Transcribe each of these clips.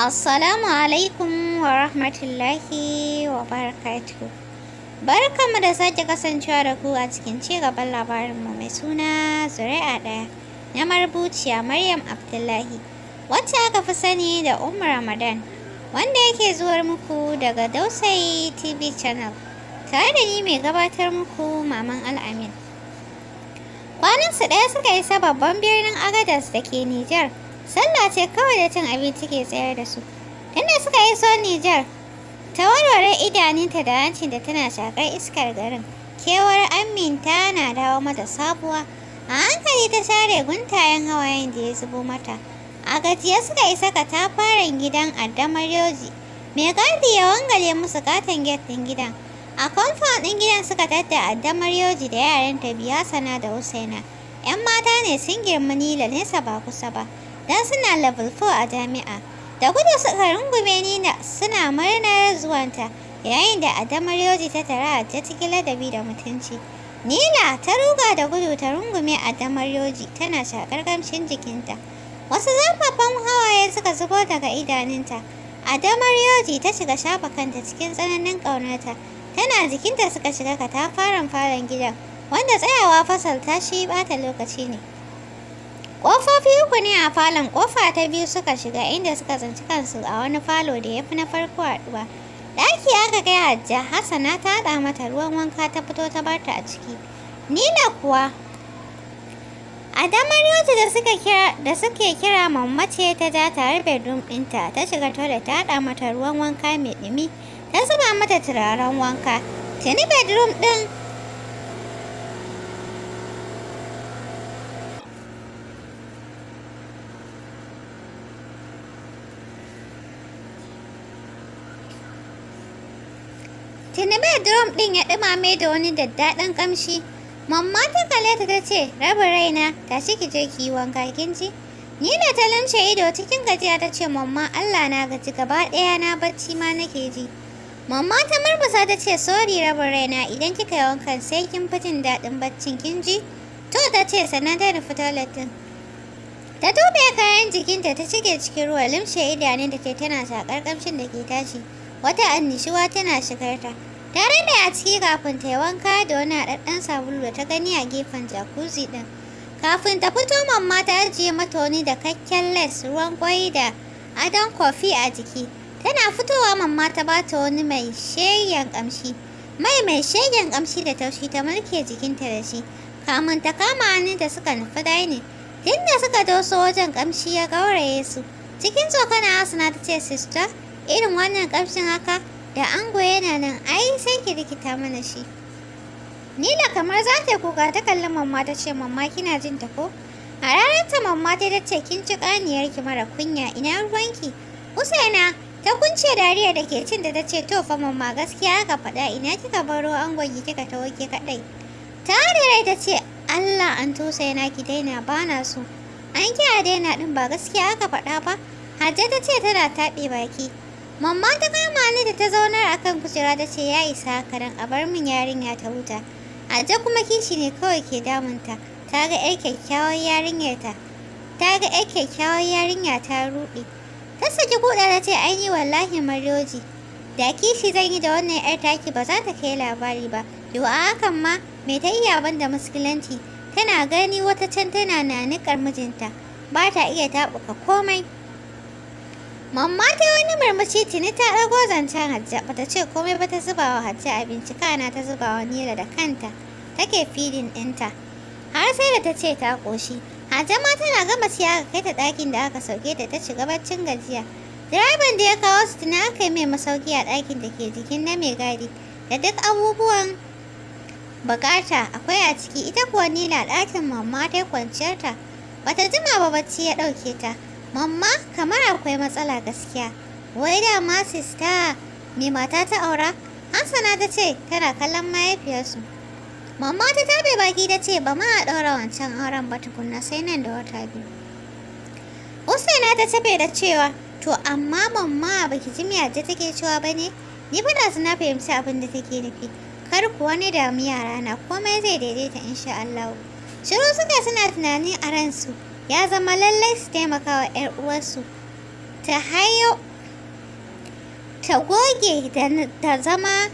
Assalamu alaikum wa rahmatullahi wa barakatuhu. mu da sake kasancewa da ku a cikin ci gaban labarinmu mai suna Zuri'a ɗaya na marubuciya Maryam Abdullahi, wacce aka fi sani da umar Ramadan, wanda yake zuwar muku daga Dausayi TV channel, tare da ni mai gabatar muku Maman Al'amin. Kwanansu ɗaya suka isa babban birnin Agadas da ke Nijar. sallah ce kawai da cin abinci ke tsayar da su tunda suka iso Nijar ta warware idaninta da hancin da tana shakar iskar garin kewar aminta na dawo mata sabuwa a hankali ta share guntayen hawayen da ya zubo mata a gajiya suka isa tafarin gidan addamar yoji mai gadi ya wangale musu katon get din gidan a kwamfan ɗin gidan suka tatta addamar yoji da yaranta biya sana da husaina 'yan mata ne sun girma nila nesa ba kusa ba dan suna level 4 a jami'a. Da gudu suka rungume Nina suna murnar zuwanta yayin da adamar Yoji ta tara ta cikin ladabi da mutunci. nila ta ruga da gudu ta rungume damar Yoji tana shakar kamshin jikinta. Wasu zafafan hawaye suka zubo daga idanunta. Adamar Yoji ta shiga shafa kanta cikin tsananin ƙaunarta. Tana jikinta suka shiga katafaren faran gidan, wanda tsayawa fasal ta shi ta lokaci ne. Ƙofofi uku ne a falon ƙofa ta biyu suka shiga inda suka zanci kansu a wani falo da ya fi na farko haɗuwa. Ɗaki aka kai hajja Hassana ta haɗa mata ruwan wanka ta fito ta barta a ciki. Nina kuwa a damaryoci da suke kira da suke kira mammace ta ja tare bedroom ɗinta ta shiga toilet ta haɗa mata ruwan wanka mai ɗumi ta zuba mata turaren wanka. Tuni bedroom ɗin ɗin ya ɗumame da wani daddaɗan ƙamshi. Mamma ta kalle ta ce, raba raina, tashi ki je ki yi wanka kin ji. Ni da ta lamce ido cikin gajiya ta ce, mamma Allah na gaji gaba ɗaya na bacci ma nake ji. Mamma ta murmusa ta ce, sori raba raina idan kika yi wankan sai kin fi jin daɗin baccin kin ji. To ta ce sannan ta nufi toilet ɗin. Ta tobe kayan jikinta ta cike cikin ruwa limshe idanun da ke tana shakar ƙamshin da ke tashi. Wata annishuwa tana shigarta. tare ne a ciki kafin ta yi wanka da wani haɗaɗɗen sabulu da ta gani a gefen jacuzzi ɗin kafin ta fito mamma ta ajiye mata wani da kakken les ruwan kwai da adon kofi a jiki tana fitowa mamma ta bata wani mai shegen ƙamshi mai mai shegen ƙamshi da taushi ta mulke jikinta da shi kamun ta kama hannun da suka nufi daini tun da suka doso wajen ƙamshi ya gauraye su cikin tsokana asana ta ce sista irin wannan ƙamshin haka da ango yana nan ai sai ki rikita mana shi nila kamar za ta kuka ta kalli mamma ta ce mamma kina jin ta ko a ranar ta mamma ta dace kin ci kaniyar ki mara kunya ina ruwanki usaina ta kunce dariya da ke cin da ta ce to fa mamma gaskiya aka faɗa ina kika baro angon ki kika tawo ke kadai ta rai ta ce Allah an tosayana ki daina bana so an kiya daina din ba gaskiya aka faɗa ba Hajja ta ce tana taɓe baki Mamma ta kama ni da ta zaunar a kan kujera ta ce ya isa karan a bar min yarinya ta huta. Aje kuma kishi ne kawai ke damunta. Ta ga 'yar kyakkyawar yarinyar ta. Ta ga 'yar kyakkyawar yarinya ta ruɗe. Ta saki kuɗa ta ce ainihin ni wallahi Marioji. Da kishi zan yi da wannan 'yar taki ba za ta kai labari ba. Yau a hakan ma me ta iya ban da muskilanci. Tana gani wata can tana na niƙar mijinta. Ba ta iya taɓuka komai. Mamma ta yi wani marmashi tuni ta ɗago zancen Hajja bata ce komai ba ta zuba wa Hajja abinci kana ta zuba wa Nila da kanta take filin ɗinta. Har sai da ta ce ta ƙoshi. Hajja ma tana gama siya aka kai ta ɗakin da aka sauke ta ta ci gabacin gajiya. Direban da ya kawo su tuni aka yi mai masauki a ɗakin da ke jikin na mai gadi da duk abubuwan bukata akwai a ciki ita kuwa Nila ɗakin mamma ta yi kwanciyarta. Bata jima ba bacci ya ɗauke ta. mamma kamar akwai matsala gaskiya wai da ma sista mai mata ta aura hansana ta ce tana kallon mahaifiyarsu mamma ta tabe baki ta ce ba ma a ɗaura wancan auren ba tukunna sai nan da wata biyu usaina ta tabe da cewa to amma mamma baki ji da take cewa ba ne ni ba da na fahimci abin da take nufi kar kuwa ni damu yara na komai zai daidaita insha Allah shiru suka suna tunanin a ransu ya zama lallai su taimaka wa 'yar uwarsu ta hayo ta goge ta zama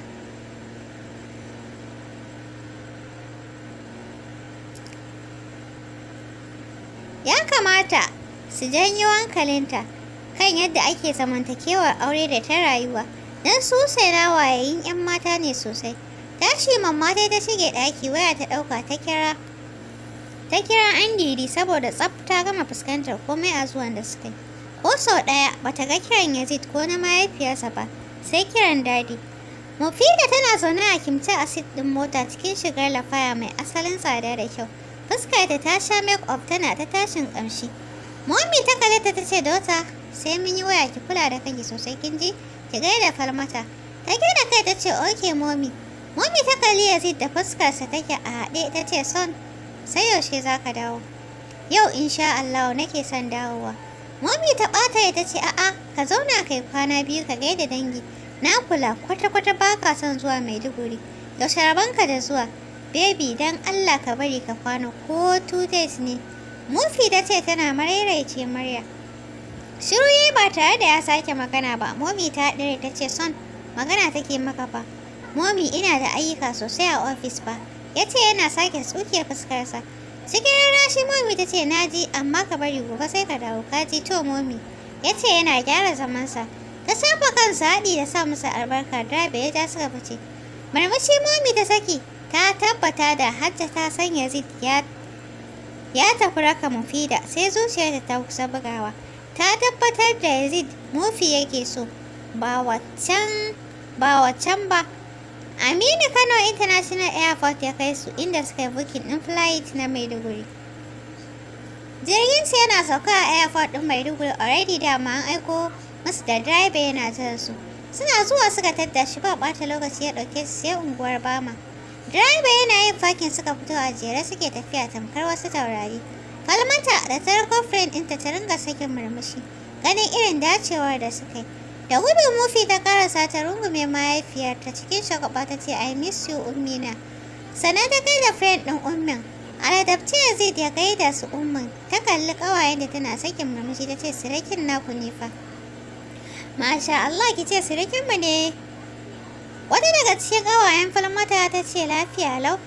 ya kamata su janyo hankalinta kan yadda ake zamantakewar aure da ta rayuwa don su na wayayin 'yan mata ne sosai tashi mamma ta shige ɗaki waya ta ɗauka ta kira ta kira andidi saboda tsaf gama fuskantar komai a zuwan da suka yi ko sau ɗaya ta ga kiran yazid ko na mahaifiyarsa ba sai kiran dadi mufida tana zaune a kimce a sit ɗin mota cikin shigar lafaya mai asalin tsada da kyau fuskarta ta sha make up tana ta tashin ƙamshi momi ta kalle ta ce dota sai mun yi waya ki kula da kanki sosai kin ji ki da falmata ta da kai ta ce oke momi momi ta kalli yazid da fuskarsa take a haɗe ta ce son sai yaushe za ka dawo yau insha Allah nake son dawowa Mami ta ɓata ya tace a'a ka zauna kai kwana biyu ka gaida dangi na kula kwata-kwata ba son zuwa maiduguri yaushe ka da zuwa baby dan Allah ka bari ka kwana ko two days ne mufi ta ce tana marairaice murya shiru ba tare da ya sake magana ba Mami ta dare tace son magana take maka fa Mami ina da ayyuka sosai a ofis ba ya ce yana sake tsukiyar fuskarsa cikin rana shi momi ta ce na ji amma ka bari gobe sai ka dawo ka ji to momi ya ce yana gyara zamansa ta saba kansa haɗi da sa musu albarka rabe ya ja suka fice marmashi momi ta saki ta tabbata da hajja ta san yazid ya ya tafi raka mufida sai zuciyarta ta kusa bugawa ta tabbatar da yazid mufi yake so ba waccan ba waccan ba Aminu Kano International Airport ya kai su inda suka yi bukin ɗin flight na Maiduguri. Jirgin su yana sauka a airport ɗin Maiduguri already da ma an aiko musu da driver yana jiran su. Suna zuwa suka tadda shi ba ɓata lokaci ya ɗauke su sai unguwar Bama. Driver yana yin fakin suka fito a jere suke tafiya tamkar wasu taurari. Falmata da tarko friend ɗinta ta ringa sakin murmushi ganin irin dacewar da suka yi. da gudu mufi ta karasa ta rungume mahaifiyarta cikin shagaba ta ce i miss you ummina Sana ta kai da friend ɗin ummin aladabci yazid ya gaida su ummin ta kalli ƙawayen da tana sakin murmushi ta ce sirikin naku ne fa masha allah ki ce sirikin mu ne wata daga cikin kawayen falmata ta ce lafiya lau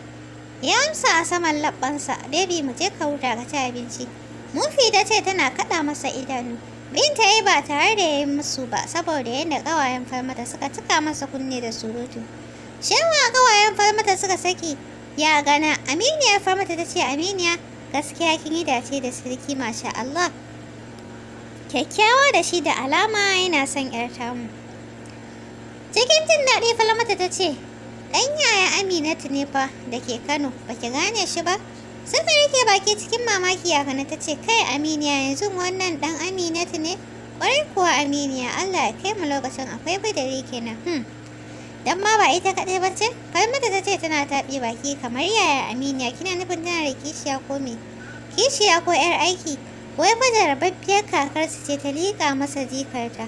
ya amsa a saman labbansa debi mu je ka huta ka ci abinci mufi ta ce tana kaɗa masa idanu Binta ya yi ba tare da ya yi musu ba saboda yadda ƙawayen farmata suka cika masa kunne da surutu. Shewa kawayen farmata suka saki ya gana aminiyar farmata ta ce aminiya gaskiya kin yi dace da sarki masha Allah. Kyakkyawa da shi da alama yana son 'yar tamu. Cikin jin daɗi falmata ta ce, ɗan yaya Aminatu ne fa da ke Kano, ba ki gane shi ba? Suka rike baki cikin mamaki Yakana ta ce, Kai Aminiya yanzu wannan dan Aminatu ne? Ƙwarai kuwa Aminiya Allah ya kai mu lokacin akwai badari kenan. Hmm. Dan ma ba ita kaɗai ba ce? Falmata ta ce tana taɓi baki kamar yaya Aminiya kina nufin tana da kishiya ko me? Kishiya ko 'yar aiki? Wai fa jarababbiyar su ce ta liƙa masa jikarta.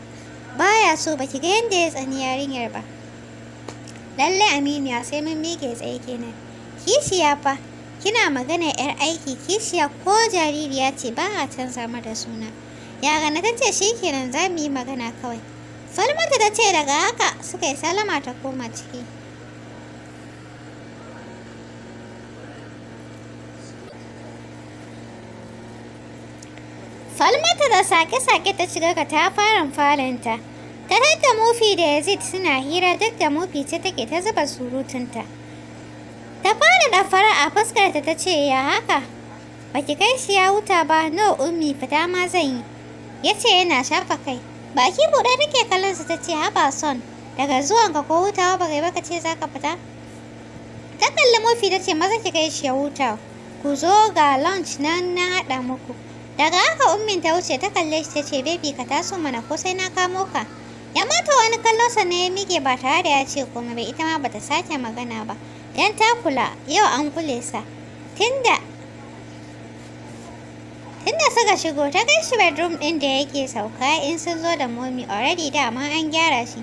Baya so baki ga yadda ya tsani yarinyar ba. Lallai Aminiya sai mun mike tsaye kenan. Kishiya fa kina magana yar aiki kishiya ko jaririya ce ba a canza mata suna yara na shi shikenan za mu yi magana kawai salmata ta ce daga haka suka yi salama ta koma ciki Falmata da sake-sake ta shiga ka ta fara falinta. Ta da Mufi da Yazid suna hira duk da Mufi ce take ta zuba surutunta. fara'a fuskarta ta ce ya haka baki kai shi ya wuta ba no ummi fita ma zan yi ya ce yana shafa kai baki buɗe nake kallon ta ce haba son daga zuwanka ko hutawa ba kai baka ce za ka fita ta kalli mofi ta ce maza ki kai shi ya huta ku zo ga lunch nan na haɗa muku daga haka ummin ta wuce ta kalle shi ta ce baby ka taso mana ko sai na kamo ka ya mata wani kallon sa ne ya mike ba tare da ya ce komai ba ita ma bata sake magana ba 'yan takula yau an kule sa tunda tunda suka shigo ta kai shi bedroom ɗin da yake sauka in sun zo da momi already dama an gyara shi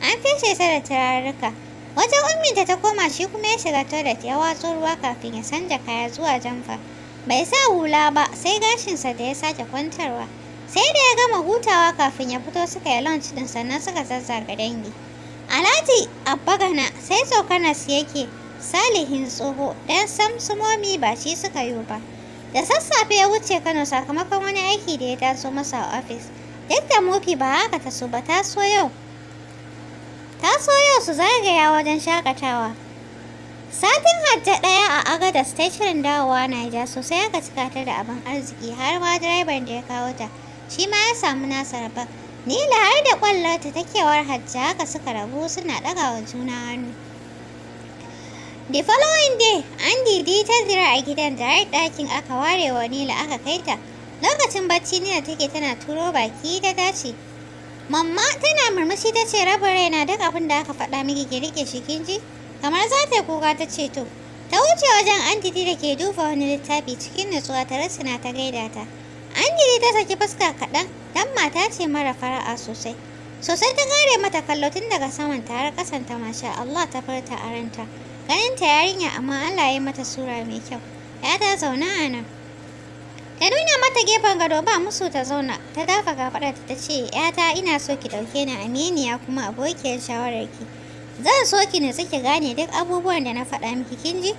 an feshe sa da turaruka wajen umminta ta koma shi kuma ya shiga toilet ya watso ruwa kafin ya sanja kaya zuwa jamfa bai sa hula ba sai gashinsa da ya sake kwantarwa sai da ya gama hutawa kafin ya fito suka yi lunch din sannan suka zazzaga dangi alhaji gana sai tsokanas yake salihin tsoho ɗan samsumomi ba shi suka yi ba da sassafe ya wuce kano sakamakon wani aiki da ya taso masa a ofis duk da mofi ba haka ta so ba ta so yau ta so yau su zagaya wajen shakatawa satin hajja ɗaya a agadas ta shirin dawowa naija sosai aka cika ta da abin arziki har ma direban da ya kawo ta shi ma ya samu nasara ba. nila har da kwallo ta takewar hajja haka suka rabu suna ɗaga wa juna hannu The following day, Andy dai ta zira a gidan da har ɗakin aka ware wa Nila aka kai ta. Lokacin bacci Nila take tana turo baki ta dace. Mamma tana murmushi ta ce raba na duk abin da aka faɗa miki ki shi kin ji? Kamar za ta kuka ta ce to. Ta wuce wajen Andidi da ke duba wani littafi cikin nutsuwa ta rasina ta gaida ta. Andidi ta saki fuska kaɗan dan mata ce mara fara'a sosai. Sosai ta gare mata kallo tun daga saman ta har ƙasanta masha Allah ta furta a ranta. ganin ta yarinya amma Allah ya mata sura mai kyau ya ta zauna a nan ta nuna mata gefen gado ba musu ta zauna ta dafa kafaɗarta ta ce yata ina so ki ɗauke ni aminiya kuma abokiyar ki zan so ki nutsu ki gane duk abubuwan da na faɗa miki kin ji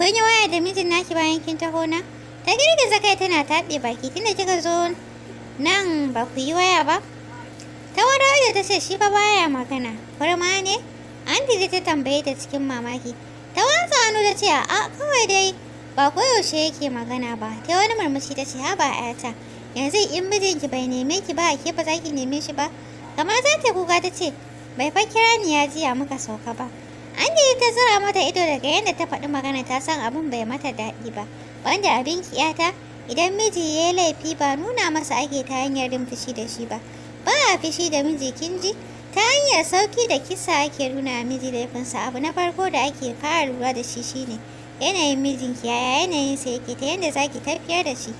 kun yi waya da mijin naki bayan kin taho na ta girgiza kai tana taɓe baki tunda kika zo nan ba ku yi waya ba ta wani ta ce shi fa baya magana kurma ne Andy ta tambaye ta cikin mamaki. Ta wanzu hannu ta ce, "A kawai dai ba koyaushe yake magana ba." Ta wani murmushi ta ce, "Haba ayata, yanzu in mijinki bai neme ki ba, ke ba za ki neme shi ba." Kamar za ta kuka ta ce, "Bai fa kira ni ya jiya muka sauka ba." Andy ta zura mata ido daga yadda ta faɗi magana ta san abin bai mata daɗi ba. Wanda abin ki yata idan miji ya yi laifi ba nuna masa ake ta hanyar yin da shi ba. Ba a fushi da miji kin ji? ta hanyar sauki da kisa ake nuna miji laifinsa abu na farko da ake fara lura da shi shine yanayin mijinki yaya yanayinsa yake ta yadda zaki tafiyar da shi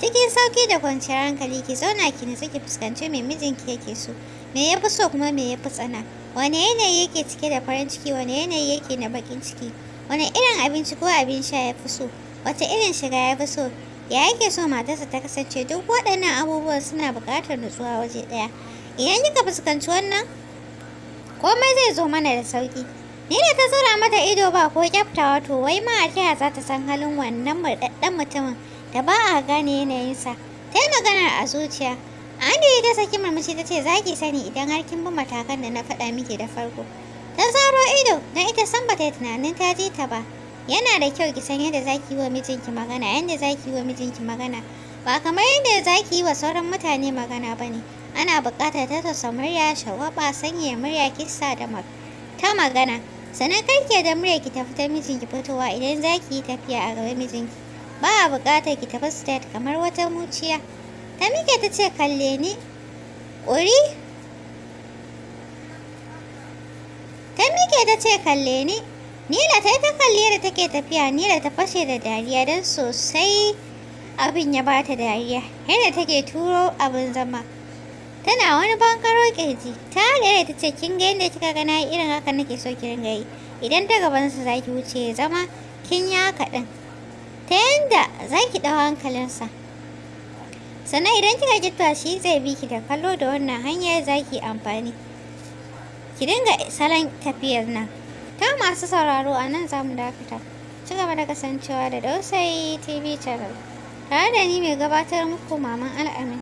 cikin sauki da kwanciyar hankali ki zauna ki nutsu ki fuskanci mai mijinki yake so me ya fi so kuma me ya fi tsana wane yanayi yake cike da farin ciki wane yanayi yake na bakin ciki wane irin abinci ko abin sha ya fi so wata irin shiga ya fi so ya yake so matarsa ta kasance duk waɗannan abubuwan suna buƙatar nutsuwa waje ɗaya idan kika fuskanci wannan komai zai zo mana da sauki ni da ta zura mata ido ba ko kyaftawa to wai ma a za ta san halin wannan murɗaɗɗen mutumin da ba a gane yanayinsa ta yi maganar a zuciya Andy ta saki murmushi ta ce za ki sani idan har kin bi matakan da na faɗa miki da farko. Ta zaro ido don ita san ba ta yi tunanin ta ji ta ba. Yana da kyau ki san yadda za yi wa mijinki magana, yadda za ki yi wa mijinki magana. Ba kamar yadda za ki yi wa sauran mutane magana ba ne. ana buƙatar ta tasa murya shawaba sanya murya kissa da ta magana sannan ke da murya ki tafi ta mijinki fitowa idan za ki yi tafiya a gaban mijinki ba a buƙatar ki tafi state kamar wata muciya ta mike ta ce kalle ni ƙuri ta mike ta ce kalle ni Nila ta yi ta kalle da take tafiya, Nila ta fashe da dariya don sosai abin ya bata dariya, yadda take turo abin zama. tana wani bankaro kirji ta gare ta ce kin ga yadda kika gana irin haka nake so ki ringa yi idan ta gaban sa zaki wuce zama kin ya haka ta yanda zaki dau hankalinsa sannan idan kika ji shi zai bi ki da kallo da wannan hanyar zaki amfani ki dinga salon tafiyar nan ta masu sauraro a nan zamu dakata ci gaba da kasancewa da dausayi tv channel tare da ni mai gabatar muku maman al'amin